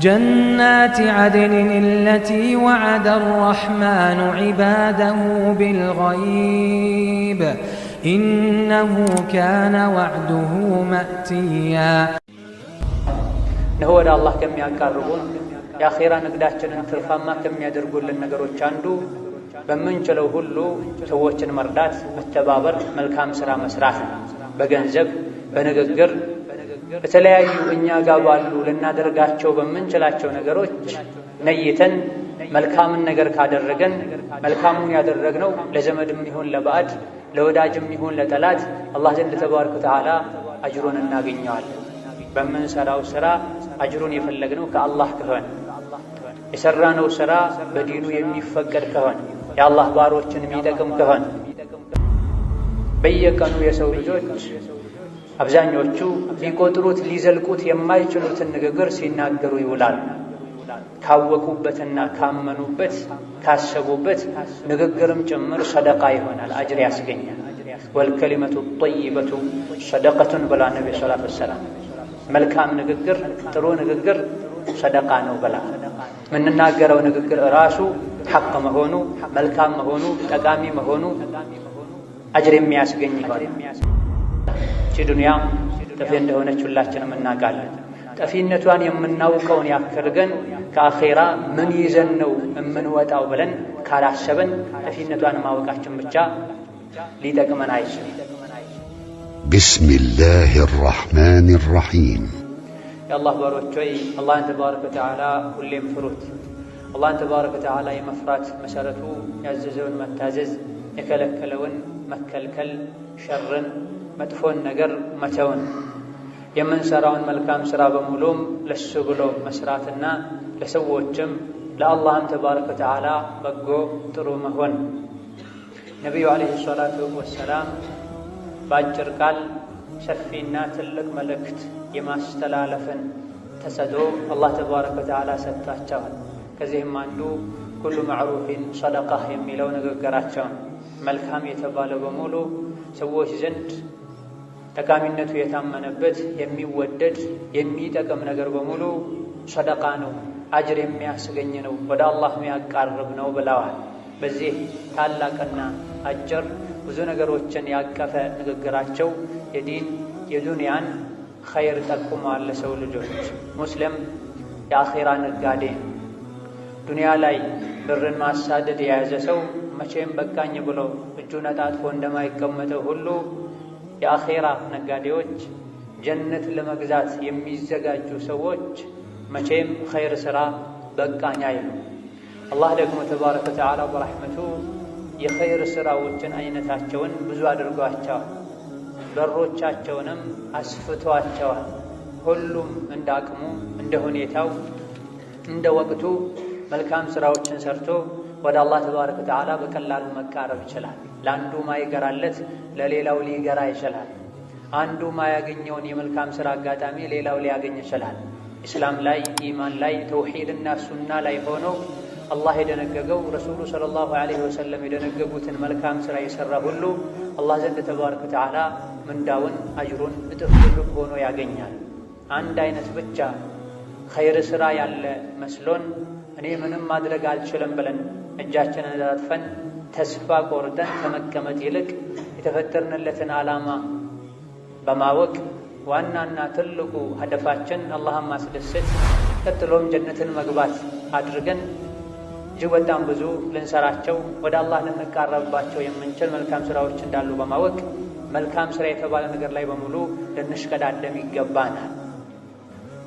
جنات عدن التي وعد الرحمن عباده بالغيب إنه كان وعده مأتيا هو الله كم يقربون يا خيرا نقداشنا نترفاما كم يدرقون للنقروشان دو بمن چلو هلو سووشن مردات بتبابر ملكام سرا مسراح بغنزب بنقر በተለያዩ እኛ ጋር ባሉ ልናደርጋቸው በምንችላቸው ነገሮች ነይተን መልካምን ነገር ካደረገን መልካሙን ያደረግነው ለዘመድም ይሁን ለባዕድ ለወዳጅም ይሁን ለጠላት አላህ ዘንድ ተባረከ ወተዓላ አጅሩን እናገኘዋለን። በምንሰራው ስራ አጅሩን የፈለግነው ከአላህ ከሆነ የሠራነው ስራ በዲኑ የሚፈቀድ ከሆነ የአላህ ባሮችን የሚጠቅም ከሆነ በየቀኑ የሰው ልጆች አብዛኞቹ ሊቆጥሩት ሊዘልቁት የማይችሉትን ንግግር ሲናገሩ ይውላል። ካወቁበትና ካመኑበት ካሰቡበት ንግግርም ጭምር ሰደቃ ይሆናል፣ አጅር ያስገኛል። ወልከሊመቱ ጠይበቱ ሰደቀቱን ብላ ነቢ ሰላት ወሰላም መልካም ንግግር ጥሩ ንግግር ሰደቃ ነው ብላ የምንናገረው ንግግር ራሱ ሐቅ መሆኑ መልካም መሆኑ ጠቃሚ መሆኑ አጅር የሚያስገኝ ይሆናል። ዱንያ ጠፊ እንደሆነች ሁላችንም እናውቃለን። ጠፊነቷን የምናውቀውን ያክል ግን ከአኼራ ምን ይዘን ነው የምንወጣው ብለን ካላሰብን ጠፊነቷን ማወቃችን ብቻ ሊጠቅመን አይችልም። بسم الله الرحمن الرحيم የአላህ ባሮች ሆይ አላህን ተባረከ ወተዓላ ሁሌም ፍሩት። አላህን ተባረከ ወተዓላ የመፍራት መሰረቱ ያዘዘውን መታዘዝ፣ የከለከለውን መከልከል፣ ሸርን መጥፎን ነገር መተውን የምንሰራውን መልካም ስራ በሙሉም ለሱ ብሎ መስራትና ለሰዎችም ለአላህም ተባረከ ወተዓላ በጎ ጥሩ መሆን። ነቢዩ ዓለይሂ ሰላቱ ወሰላም በአጭር ቃል ሰፊና ትልቅ መልእክት የማስተላለፍን ተሰጥኦ አላህ ተባረከ ወተዓላ ሰጥቷቸዋል። ከዚህም አንዱ ኩሉ መዕሩፊን ሰደቃ የሚለው ንግግራቸውን መልካም የተባለ በሙሉ ሰዎች ዘንድ ጠቃሚነቱ የታመነበት የሚወደድ የሚጠቅም ነገር በሙሉ ሰደቃ ነው፣ አጅር የሚያስገኝ ነው፣ ወደ አላህ የሚያቃርብ ነው ብለዋል። በዚህ ታላቅና አጭር ብዙ ነገሮችን ያቀፈ ንግግራቸው የዲን የዱንያን ኸይር ጠቁመዋል። ለሰው ልጆች ሙስሊም የአኼራ ነጋዴ ዱንያ ላይ ብርን ማሳደድ የያዘ ሰው መቼም በቃኝ ብሎ እጁን ነጣጥፎ እንደማይቀመጠው ሁሉ የአኼራ ነጋዴዎች፣ ጀነት ለመግዛት የሚዘጋጁ ሰዎች መቼም ኸይር ሥራ በቃኝ አይሉ። አላህ ደግሞ ተባረከ ወተዓላ በረሕመቱ የኸይር ሥራዎችን አይነታቸውን ብዙ አድርጓቸዋል። በሮቻቸውንም አስፍቷቸዋል። ሁሉም እንደ አቅሙ እንደ ሁኔታው እንደ ወቅቱ መልካም ሥራዎችን ሰርቶ ወደ አላህ ተባረከ ወተዓላ በቀላሉ መቃረብ ይችላል። ለአንዱ ማይገራለት ለሌላው ሊገራ ይችላል። አንዱ ማያገኘውን የመልካም ስራ አጋጣሚ ሌላው ሊያገኝ ይችላል። እስላም ላይ ኢማን ላይ ተውሂድና ሱና ላይ ሆነው አላህ የደነገገው ረሱሉ ሰለላሁ ዐለይሂ ወሰለም የደነገጉትን መልካም ስራ የሰራ ሁሉ አላህ ዘንድ ተባረከ ወተዓላ ምንዳውን አጅሩን እጥፍ ድርብ ሆኖ ያገኛል። አንድ አይነት ብቻ ኸይር ስራ ያለ መስሎን እኔ ምንም ማድረግ አልችልም ብለን እጃችንን አጥፈን ተስፋ ቆርጠን ከመቀመጥ ይልቅ የተፈጠርንለትን ዓላማ በማወቅ ዋናና ትልቁ ሀደፋችን አላህን ማስደሰት ቀጥሎም ጀነትን መግባት አድርገን እጅግ በጣም ብዙ ልንሰራቸው ወደ አላህ ልንቃረብባቸው የምንችል መልካም ስራዎች እንዳሉ በማወቅ መልካም ስራ የተባለ ነገር ላይ በሙሉ ልንሽቀዳደም ይገባናል።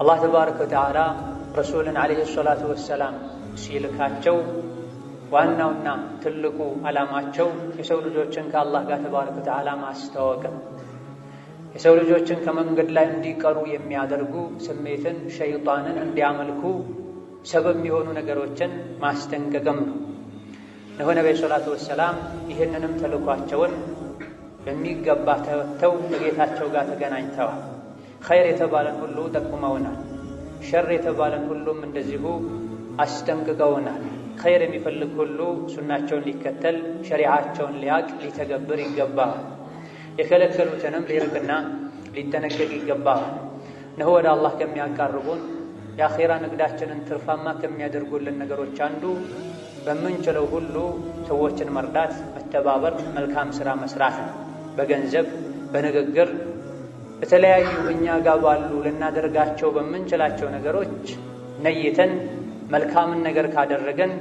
አላህ ተባረከ ወተዓላ ረሱልን ዓለይሂ ሰላቱ ወሰላም ሲልካቸው ዋናውና ትልቁ ዓላማቸው የሰው ልጆችን ከአላህ ጋር ተባረከ ወተዓላ ማስተዋወቅም የሰው ልጆችን ከመንገድ ላይ እንዲቀሩ የሚያደርጉ ስሜትን፣ ሸይጣንን እንዲያመልኩ ሰበብ የሚሆኑ ነገሮችን ማስጠንቀቅም ነው። ነሆ ነቢዩ ሰላቱ ወሰላም ይህንንም ተልኳቸውን በሚገባ ተወጥተው ከጌታቸው ጋር ተገናኝተዋል። ኸይር የተባለን ሁሉ ጠቁመውናል። ሸር የተባለን ሁሉም እንደዚሁ አስጠንቅቀውናል። ኸይር የሚፈልግ ሁሉ ሱናቸውን ሊከተል ሸሪዓቸውን ሊያቅ ሊተገብር ይገባል። የከለከሉትንም ሊርቅና ሊጠነቀቅ ይገባል። እነሆ ወደ አላህ ከሚያቃርቡን የአኼራ ንግዳችንን ትርፋማ ከሚያደርጉልን ነገሮች አንዱ በምንችለው ሁሉ ሰዎችን መርዳት፣ መተባበር፣ መልካም ስራ መስራት ነው። በገንዘብ፣ በንግግር፣ በተለያዩ እኛ ጋር ባሉ ልናደርጋቸው በምንችላቸው ነገሮች ነይተን መልካምን ነገር ካደረገን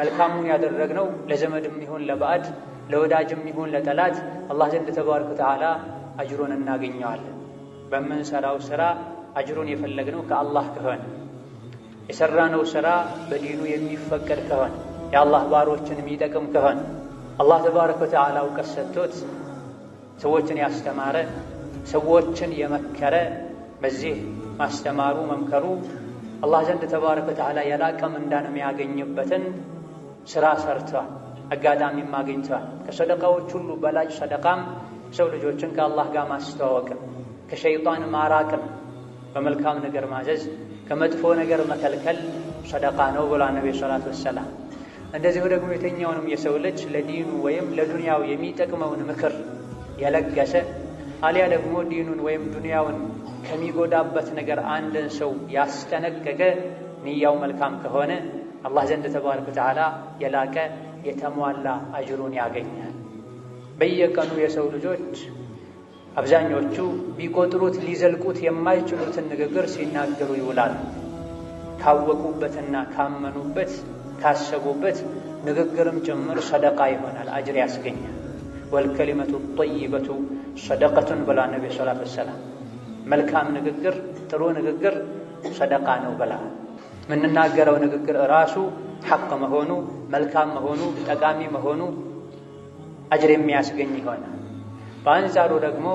መልካሙን ያደረግነው ለዘመድም ይሁን ለባዕድ ለወዳጅም ይሁን ለጠላት አላህ ዘንድ ተባረከ ወተዓላ አጅሩን እናገኘዋለን። በምንሰራው ስራ አጅሩን የፈለግነው ከአላህ ከሆነ የሰራነው ስራ በዲኑ የሚፈቀድ ከሆነ የአላህ ባሮችን የሚጠቅም ከሆነ አላህ ተባረከ ወተዓላ እውቀት ሰጥቶት ሰዎችን ያስተማረ ሰዎችን የመከረ በዚህ ማስተማሩ መምከሩ አላህ ዘንድ ተባረከ ወተዓላ የላቀ ምንዳን የሚያገኝበትን ስራ ሰርተዋል። አጋጣሚም አግኝተዋል። ከሰደቃዎች ሁሉ በላጭ ሰደቃም ሰው ልጆችን ከአላህ ጋር ማስተዋወቅም ከሸይጣን ማራቅን፣ በመልካም ነገር ማዘዝ፣ ከመጥፎ ነገር መከልከል ሰደቃ ነው ብላ ነቢ ሰላት ወሰላም። እንደዚሁ ደግሞ የትኛውንም የሰው ልጅ ለዲኑ ወይም ለዱንያው የሚጠቅመውን ምክር የለገሰ አሊያ ደግሞ ዲኑን ወይም ዱንያውን ከሚጎዳበት ነገር አንድን ሰው ያስጠነቀቀ ንያው መልካም ከሆነ አላህ ዘንድ ተባረከ ወተዓላ የላቀ የተሟላ አጅሩን ያገኛል። በየቀኑ የሰው ልጆች አብዛኞቹ ቢቆጥሩት ሊዘልቁት የማይችሉትን ንግግር ሲናገሩ ይውላል። ካወቁበትና ካመኑበት ካሰቡበት ንግግርም ጭምር ሰደቃ ይሆናል፣ አጅር ያስገኛል። ወልከሊመቱ ጠይበቱ ሰደቀቱን ብላ ነቢ ሰላት ወሰላም መልካም ንግግር፣ ጥሩ ንግግር ሰደቃ ነው በላ የምንናገረው ንግግር ራሱ ሐቅ መሆኑ መልካም መሆኑ ጠቃሚ መሆኑ አጅር የሚያስገኝ ይሆናል። በአንጻሩ ደግሞ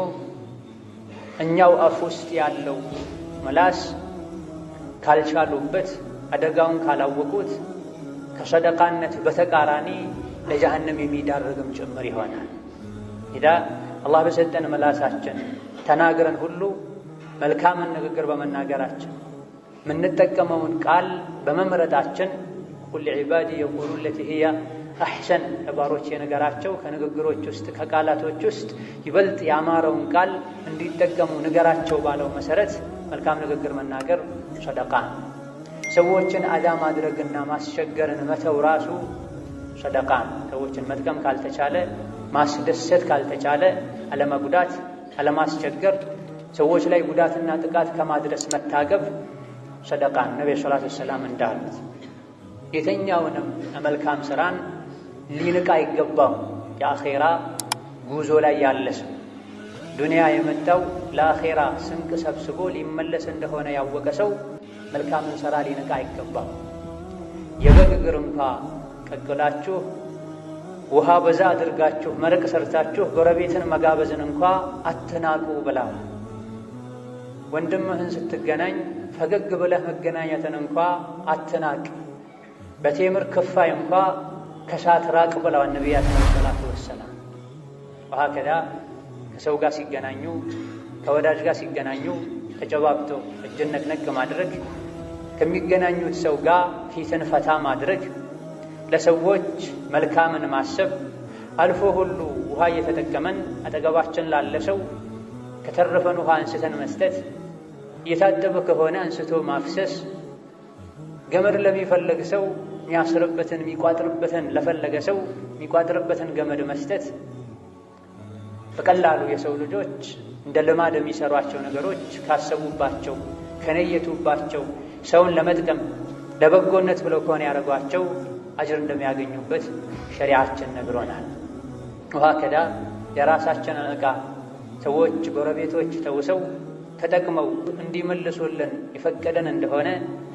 እኛው አፍ ውስጥ ያለው መላስ ካልቻሉበት አደጋውን ካላወቁት ከሰደቃነት በተቃራኒ ለጀሃነም የሚዳርግም ጭምር ይሆናል። ኢዳ አላህ በሰጠን መላሳችን ተናግረን ሁሉ መልካምን ንግግር በመናገራችን የምንጠቀመውን ቃል በመምረጣችን ቁል ዒባዲ የቁሉ ለቲ ህያ አሕሰን ዕባሮች የነገራቸው ከንግግሮች ውስጥ ከቃላቶች ውስጥ ይበልጥ ያማረውን ቃል እንዲጠቀሙ ንገራቸው ባለው መሰረት መልካም ንግግር መናገር ሰደቃ ነው። ሰዎችን አዳ ማድረግና ማስቸገርን መተው ራሱ ሰደቃ ነው። ሰዎችን መጥቀም ካልተቻለ፣ ማስደሰት ካልተቻለ፣ አለመጉዳት፣ አለማስቸገር ሰዎች ላይ ጉዳትና ጥቃት ከማድረስ መታቀብ ሰደቃ ነቢዩ ሰላቱ ወሰላም እንዳሉት የተኛውንም መልካም ስራን ሊንቃ አይገባም። የአኼራ ጉዞ ላይ ያለ ሰው ዱንያ የመጣው ለአኼራ ስንቅ ሰብስቦ ሊመለስ እንደሆነ ያወቀ ሰው መልካምን ስራ ሊንቃ አይገባም። የበግ እግር እንኳ ቀቅላችሁ ውሃ በዛ አድርጋችሁ መረቅ ሰርታችሁ ጎረቤትን መጋበዝን እንኳ አትናቁ ብላል። ወንድምህን ስትገናኝ ፈገግ ብለህ መገናኘትን እንኳ አትናቅ፣ በቴምር ክፋይ እንኳ ከሳት ራቅ ብለዋል ነቢያት ሰላቱ ወሰላም። ወሀከዛ ከሰው ጋር ሲገናኙ ከወዳጅ ጋር ሲገናኙ ተጨባብቶ እጅን ነቅነቅ ማድረግ፣ ከሚገናኙት ሰው ጋር ፊትን ፈታ ማድረግ፣ ለሰዎች መልካምን ማሰብ አልፎ ሁሉ ውሃ እየተጠቀመን አጠገባችን ላለ ሰው ከተረፈን ውሃ አንስተን መስጠት የታጠበ ከሆነ አንስቶ ማፍሰስ፣ ገመድ ለሚፈለግ ሰው የሚያስርበትን የሚቋጥርበትን ለፈለገ ሰው የሚቋጥርበትን ገመድ መስጠት በቀላሉ የሰው ልጆች እንደ ልማድ የሚሰሯቸው ነገሮች ካሰቡባቸው፣ ከነየቱባቸው ሰውን ለመጥቀም ለበጎነት ብለው ከሆነ ያደረጓቸው አጅር እንደሚያገኙበት ሸሪዓችን ነግሮናል። ውሃ ከዳ የራሳችንን እቃ ሰዎች፣ ጎረቤቶች ተውሰው ተጠቅመው እንዲመልሱልን የፈቀደን እንደሆነ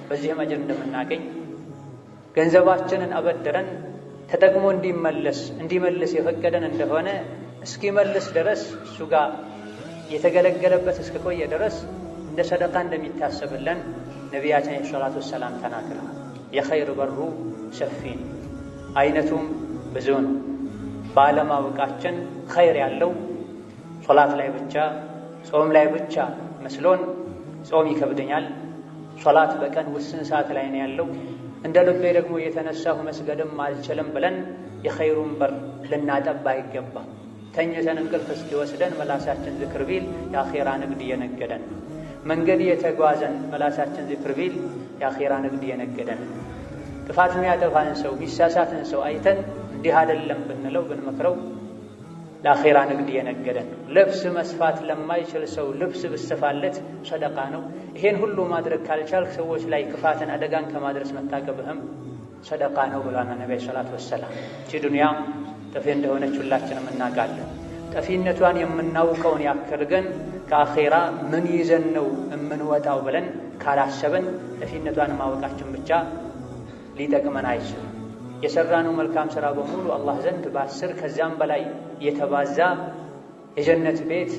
በዚህም አጅር እንደምናገኝ ገንዘባችንን አበድረን ተጠቅሞ እንዲመለስ እንዲመልስ የፈቀደን እንደሆነ እስኪመልስ ድረስ እሱ ጋር የተገለገለበት እስከቆየ ድረስ እንደ ሰደቃ እንደሚታሰብለን ነቢያችን ዐለይሂ ሰላቱ ወሰላም ተናግረዋል። የኸይር በሩ ሰፊ ነው፣ አይነቱም ብዙ ነው። በአለማወቃችን ኸይር ያለው ሶላት ላይ ብቻ ጾም ላይ ብቻ መስሎን ጾም ይከብደኛል፣ ሶላት በቀን ውስን ሰዓት ላይ ነው ያለው፣ እንደ ልቤ ደግሞ የተነሳሁ መስገድም አልችልም ብለን የኸይሩን በር ልናጠባ አይገባም። ተኝተን እንቅልፍ እስኪወስደን መላሳችን ዝክር ቢል የአኼራ ንግድ እየነገደን መንገድ የተጓዘን መላሳችን ዝክር ቢል የአኼራ ንግድ እየነገደን ጥፋት የሚያጠፋን ሰው የሚሳሳትን ሰው አይተን እንዲህ አይደለም ብንለው ብንመክረው ለአኼራ ንግድ የነገደን ነው። ልብስ መስፋት ለማይችል ሰው ልብስ ብስፋለት ሰደቃ ነው። ይሄን ሁሉ ማድረግ ካልቻልክ ሰዎች ላይ ክፋትን፣ አደጋን ከማድረስ መታቀብህም ሰደቃ ነው ብሏል ነቢ ሰላት ወሰላም። እቺ ዱንያ ጠፊ እንደሆነች ሁላችንም እናውቃለን። ጠፊነቷን የምናውቀውን ያክል ግን ከአኼራ ምን ይዘን ነው የምንወጣው ብለን ካላሰብን ጠፊነቷን ማወቃችን ብቻ ሊጠቅመን አይችልም። የሰራነው መልካም ስራ በሙሉ አላህ ዘንድ በአስር ከዚያም በላይ የተባዛ የጀነት ቤት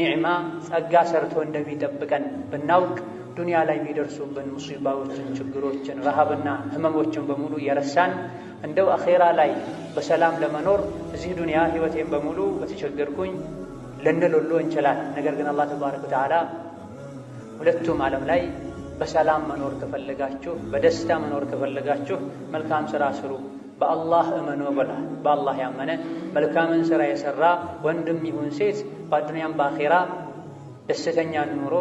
ኒዕማ ጸጋ ሰርቶ እንደሚጠብቀን ብናውቅ ዱንያ ላይ የሚደርሱብን ሙሲባዎችን፣ ችግሮችን፣ ረሃብና ህመሞችን በሙሉ የረሳን እንደው አኼራ ላይ በሰላም ለመኖር እዚህ ዱንያ ህይወቴን በሙሉ በተቸገርኩኝ ልንሎሎ እንችላል። ነገር ግን አላህ ተባረከ ወተዓላ ሁለቱም ዓለም ላይ በሰላም መኖር ከፈለጋችሁ፣ በደስታ መኖር ከፈለጋችሁ መልካም ስራ ስሩ። በአላህ እመኖ ብሏል። በአላህ ያመነ መልካምን ሥራ የሰራ ወንድም ይሁን ሴት በአዱንያም በአኼራ ደስተኛ ኑሮ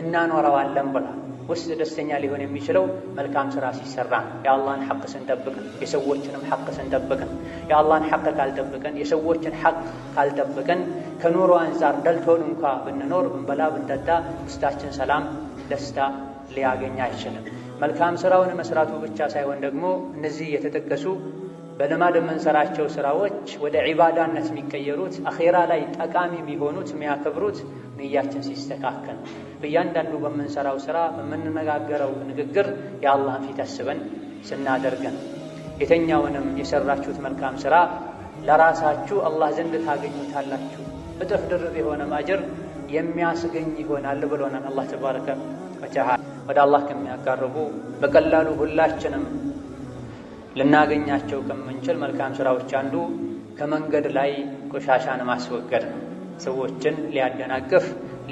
እናኖረዋለን ብሏል። ውስጥ ደስተኛ ሊሆን የሚችለው መልካም ሥራ ሲሰራ የአላህን ሐቅ ስንጠብቅን፣ የሰዎችንም ሐቅ ስንጠብቅን። የአላህን ሐቅ ካልጠብቅን፣ የሰዎችን ሐቅ ካልጠብቅን ከኑሮ አንጻር ደልቶን እንኳ ብንኖር ብንበላ ብንጠጣ ውስጣችን ሰላም ደስታ ሊያገኝ አይችልም። መልካም ስራውን መስራቱ ብቻ ሳይሆን ደግሞ እነዚህ የተጠቀሱ በልማድ የምንሰራቸው ስራዎች ወደ ዒባዳነት የሚቀየሩት አኼራ ላይ ጠቃሚ የሚሆኑት የሚያከብሩት ንያችን ሲስተካከል በእያንዳንዱ በምንሰራው ስራ በምንነጋገረው ንግግር የአላህን ፊት አስበን ስናደርገን የተኛውንም የሰራችሁት መልካም ስራ ለራሳችሁ አላህ ዘንድ ታገኙታላችሁ እጥፍ ድርብ የሆነ አጅር የሚያስገኝ ይሆናል ብሎናል አላህ ተባረከ ወተዓላ። ወደ አላህ ከሚያቃርቡ በቀላሉ ሁላችንም ልናገኛቸው ከምንችል መልካም ስራዎች አንዱ ከመንገድ ላይ ቆሻሻን ማስወገድ ነው። ሰዎችን ሊያደናቅፍ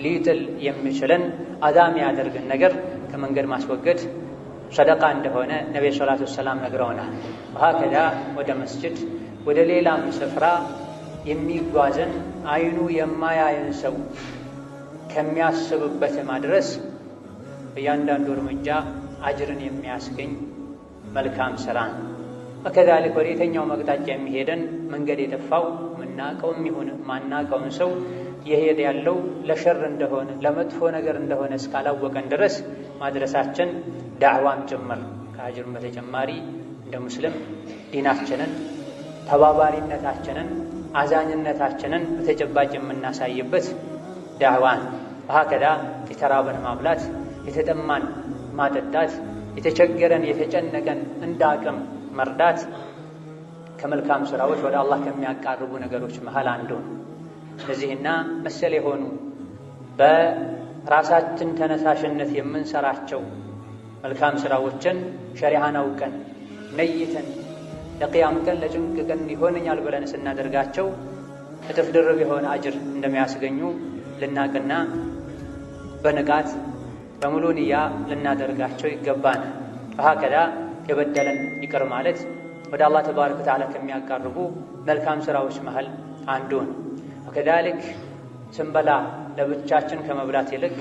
ሊጥል የሚችልን አዳም የሚያደርግን ነገር ከመንገድ ማስወገድ ሰደቃ እንደሆነ ነቢ ሰላቱ ወሰላም ነግረውናል። ከዛ ወደ መስጅድ ወደ ሌላም ስፍራ የሚጓዝን አይኑ የማያይን ሰው ከሚያስብበት ማድረስ በእያንዳንዱ እርምጃ አጅርን የሚያስገኝ መልካም ስራ። ነው። ወከዛሊክ ወደ የተኛው መቅጣጫ የሚሄደን መንገድ የጠፋው ምናቀውም ይሁን ማናቀውን ሰው የሄድ ያለው ለሸር እንደሆነ ለመጥፎ ነገር እንደሆነ እስካላወቀን ድረስ ማድረሳችን ዳዕዋም ጭምር ከአጅሩም በተጨማሪ እንደ ሙስልም ዲናችንን ተባባሪነታችንን አዛኝነታችንን በተጨባጭ የምናሳይበት ዳዕዋን በሀከዳ የተራበን ማብላት የተጠማን ማጠጣት፣ የተቸገረን የተጨነቀን እንደ አቅም መርዳት ከመልካም ስራዎች ወደ አላህ ከሚያቃርቡ ነገሮች መሀል አንዱ ነው። እነዚህና መሰል የሆኑ በራሳችን ተነሳሽነት የምንሰራቸው መልካም ስራዎችን ሸሪዓን አውቀን ነይተን ለቅያም ቀን ለጭንቅ ቀን ይሆነኛል ብለን ስናደርጋቸው እጥፍ ድርብ የሆነ አጅር እንደሚያስገኙ ልናቅና በንቃት በሙሉ ንያ ልናደርጋቸው ይገባናል። ፈሀከዳ የበደለን ይቅር ማለት ወደ አላህ ተባረከ ወተዓላ ከሚያቃርቡ መልካም ስራዎች መሃል አንዱ ነው። ወከዛሊክ ስንበላ ለብቻችን ከመብላት ይልቅ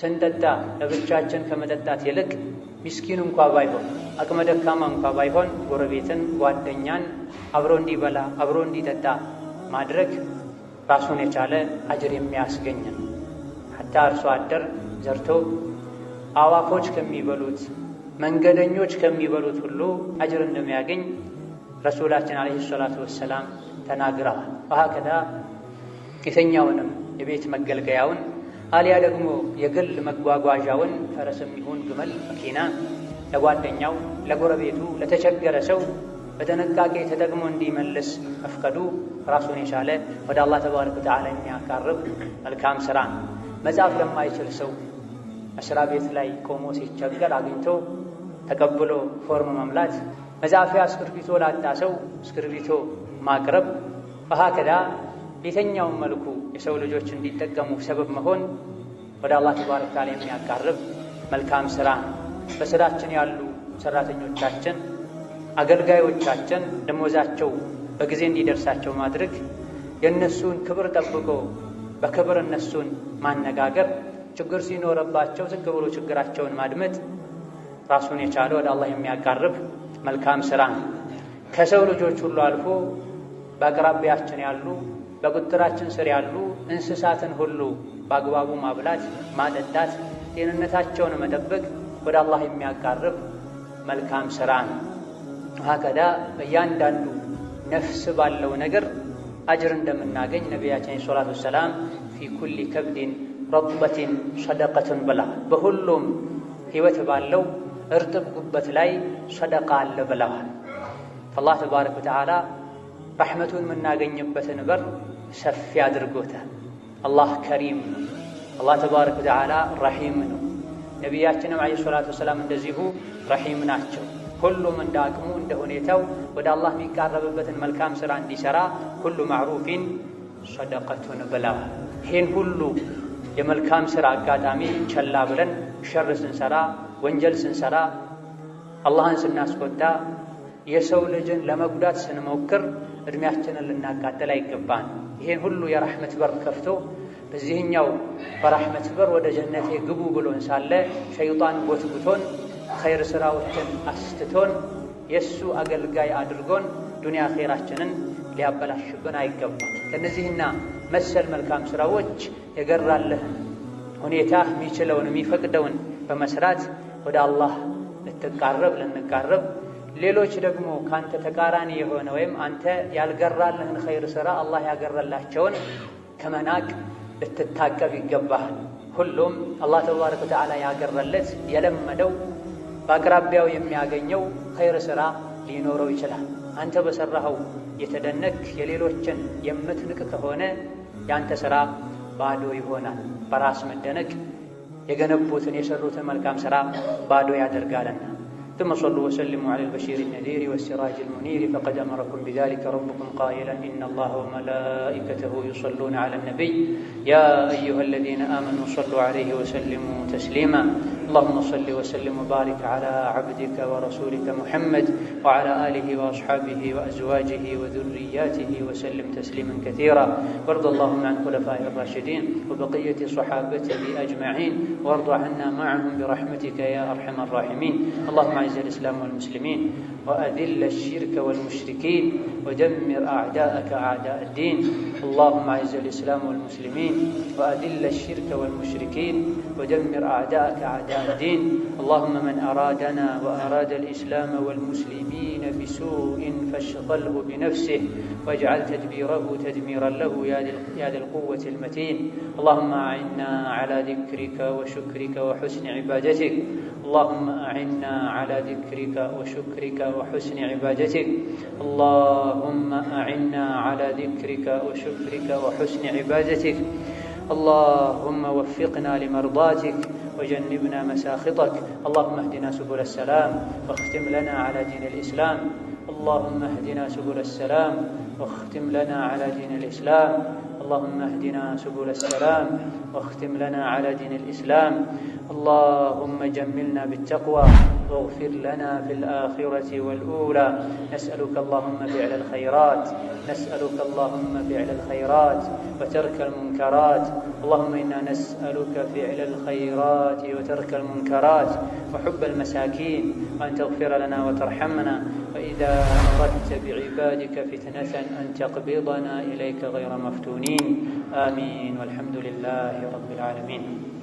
ስንጠጣ ለብቻችን ከመጠጣት ይልቅ ሚስኪን እንኳ ባይሆን አቅመ ደካማ እንኳ ባይሆን ጎረቤትን፣ ጓደኛን አብሮ እንዲበላ አብሮ እንዲጠጣ ማድረግ ራሱን የቻለ አጅር የሚያስገኝ ነው። ሀታ አርሶ አደር ዘርቶ አዋፎች ከሚበሉት መንገደኞች ከሚበሉት ሁሉ አጅር እንደሚያገኝ ረሱላችን ዓለይሂ ሰላቱ ወሰላም ተናግረዋል። ሀከዳ የተኛውንም የቤት መገልገያውን አሊያ ደግሞ የግል መጓጓዣውን ፈረስም ይሁን ግመል፣ መኪና ለጓደኛው፣ ለጎረቤቱ፣ ለተቸገረ ሰው በጥንቃቄ ተጠቅሞ እንዲመልስ መፍቀዱ ራሱን የቻለ ወደ አላህ ተባረከ ወተዓላ የሚያቃርብ መልካም ስራ ነው። መጻፍ ለማይችል ሰው መስሪያ ቤት ላይ ቆሞ ሲቸገር አግኝቶ ተቀብሎ ፎርም መምላት፣ መጻፊያ እስክርቢቶ ላጣ ሰው እስክርቢቶ ማቅረብ በሀከዳ በየትኛውም መልኩ የሰው ልጆች እንዲጠቀሙ ሰበብ መሆን ወደ አላህ ተባረከ ተዓላ የሚያቃርብ መልካም ስራ ነው። በስራችን ያሉ ሰራተኞቻችን፣ አገልጋዮቻችን ደሞዛቸው በጊዜ እንዲደርሳቸው ማድረግ የእነሱን ክብር ጠብቆ በክብር እነሱን ማነጋገር ችግር ሲኖረባቸው ዝቅ ብሎ ችግራቸውን ማድመጥ ራሱን የቻለ ወደ አላህ የሚያቃርብ መልካም ስራ ነው። ከሰው ልጆች ሁሉ አልፎ በአቅራቢያችን ያሉ በቁጥራችን ስር ያሉ እንስሳትን ሁሉ በአግባቡ ማብላት፣ ማጠጣት፣ ጤንነታቸውን መጠበቅ ወደ አላህ የሚያቃርብ መልካም ስራ ነው። ሀከዳ በእያንዳንዱ ነፍስ ባለው ነገር አጅር እንደምናገኝ ነቢያችን ሰላቱ ወሰላም ፊ ኩሊ ከብድን ረጥበቲን ሰደቀትን ብላ በሁሉም ህይወት ባለው እርጥብ ጉበት ላይ ሰደቃ አለ ብለዋል። አላህ ተባረከ ወተዓላ ረሕመቱን የምናገኝበትን በር ሰፊ አድርጎታል። አላህ ከሪም ነው። አላህ ተባረከ ወተዓላ ረሒም ነው። ነቢያችንም ዓለይሂ ሰላቱ ወሰላም እንደዚሁ ረሒም ናቸው። ሁሉም እንደ አቅሙ እንደ ሁኔታው ወደ አላህ የሚቃረብበትን መልካም ሥራ እንዲሠራ ሁሉ ማዕሩፊን ሰደቀቱን ብለዋል። ይህን ሁሉ የመልካም ስራ አጋጣሚ ቸላ ብለን ሸር ስንሰራ፣ ወንጀል ስንሰራ፣ አላህን ስናስቆጣ፣ የሰው ልጅን ለመጉዳት ስንሞክር እድሜያችንን ልናቃጥል አይገባን። ይሄን ሁሉ የራህመት በር ከፍቶ በዚህኛው በራህመት በር ወደ ጀነቴ ግቡ ብሎን ሳለ ሸይጣን ጎትጉቶን ኸይር ስራዎችን አስትቶን የእሱ አገልጋይ አድርጎን ዱንያ ኼራችንን ሊያበላሽብን አይገባም። ከነዚህና መሰል መልካም ስራዎች የገራለህን ሁኔታ የሚችለውን የሚፈቅደውን በመስራት ወደ አላህ ልትቃረብ ልንቃረብ፣ ሌሎች ደግሞ ከአንተ ተቃራኒ የሆነ ወይም አንተ ያልገራልህን ኸይር ስራ አላህ ያገረላቸውን ከመናቅ ልትታቀብ ይገባል። ሁሉም አላህ ተባረከ ወተዓላ ያገረለት የለመደው በአቅራቢያው የሚያገኘው ኸይር ስራ ሊኖረው ይችላል። አንተ በሰራኸው የተደነክ የሌሎችን የምትንቅ ከሆነ ያንተ ሥራ ባዶ ይሆናል። በራስ መደነቅ የገነቡትን የሰሩትን መልካም ሥራ ባዶ ያደርጋልና ثم صلوا وسلموا على البشير النذير والسراج المنير فقد امركم بذلك ربكم قائلا ان الله وملائكته يصلون على النبي يا ايها الذين امنوا صلوا عليه وسلموا تسليما اللهم صل وسلم وبارك على عبدك ورسولك محمد وعلى اله واصحابه وازواجه وذرياته وسلم تسليما كثيرا وارض اللهم عن خلفائه الراشدين وبقيه صحابته اجمعين وارض عنا معهم برحمتك يا ارحم الراحمين اللهم يعز الإسلام والمسلمين وأذل الشرك والمشركين ودمر أعداءك أعداء الدين اللهم أعز الإسلام والمسلمين وأذل الشرك والمشركين ودمر أعداءك أعداء الدين اللهم من أرادنا وأراد الإسلام والمسلمين بسوء فاشغله بنفسه واجعل تدبيره تدميرا له يا ذا القوة المتين اللهم أعنا على ذكرك وشكرك وحسن عبادتك اللهم أعنا على ذكرك وشكرك وحسن عبادتك اللهم أعنا على ذكرك وشكرك وحسن عبادتك اللهم وفقنا لمرضاتك وجنبنا مساخطك اللهم اهدنا سبل السلام واختم لنا على دين الإسلام اللهم اهدنا سبل السلام واختم لنا على دين الإسلام اللهم اهدنا سبل السلام واختم لنا على دين الإسلام اللهم جملنا بالتقوى واغفر لنا في الآخرة والأولى نسألك اللهم فعل الخيرات نسألك اللهم فعل الخيرات وترك المنكرات اللهم إنا نسألك فعل الخيرات وترك المنكرات وحب المساكين وأن تغفر لنا وترحمنا فإذا أردت بعبادك فتنة أن تقبضنا إليك غير مفتونين آمين والحمد لله رب العالمين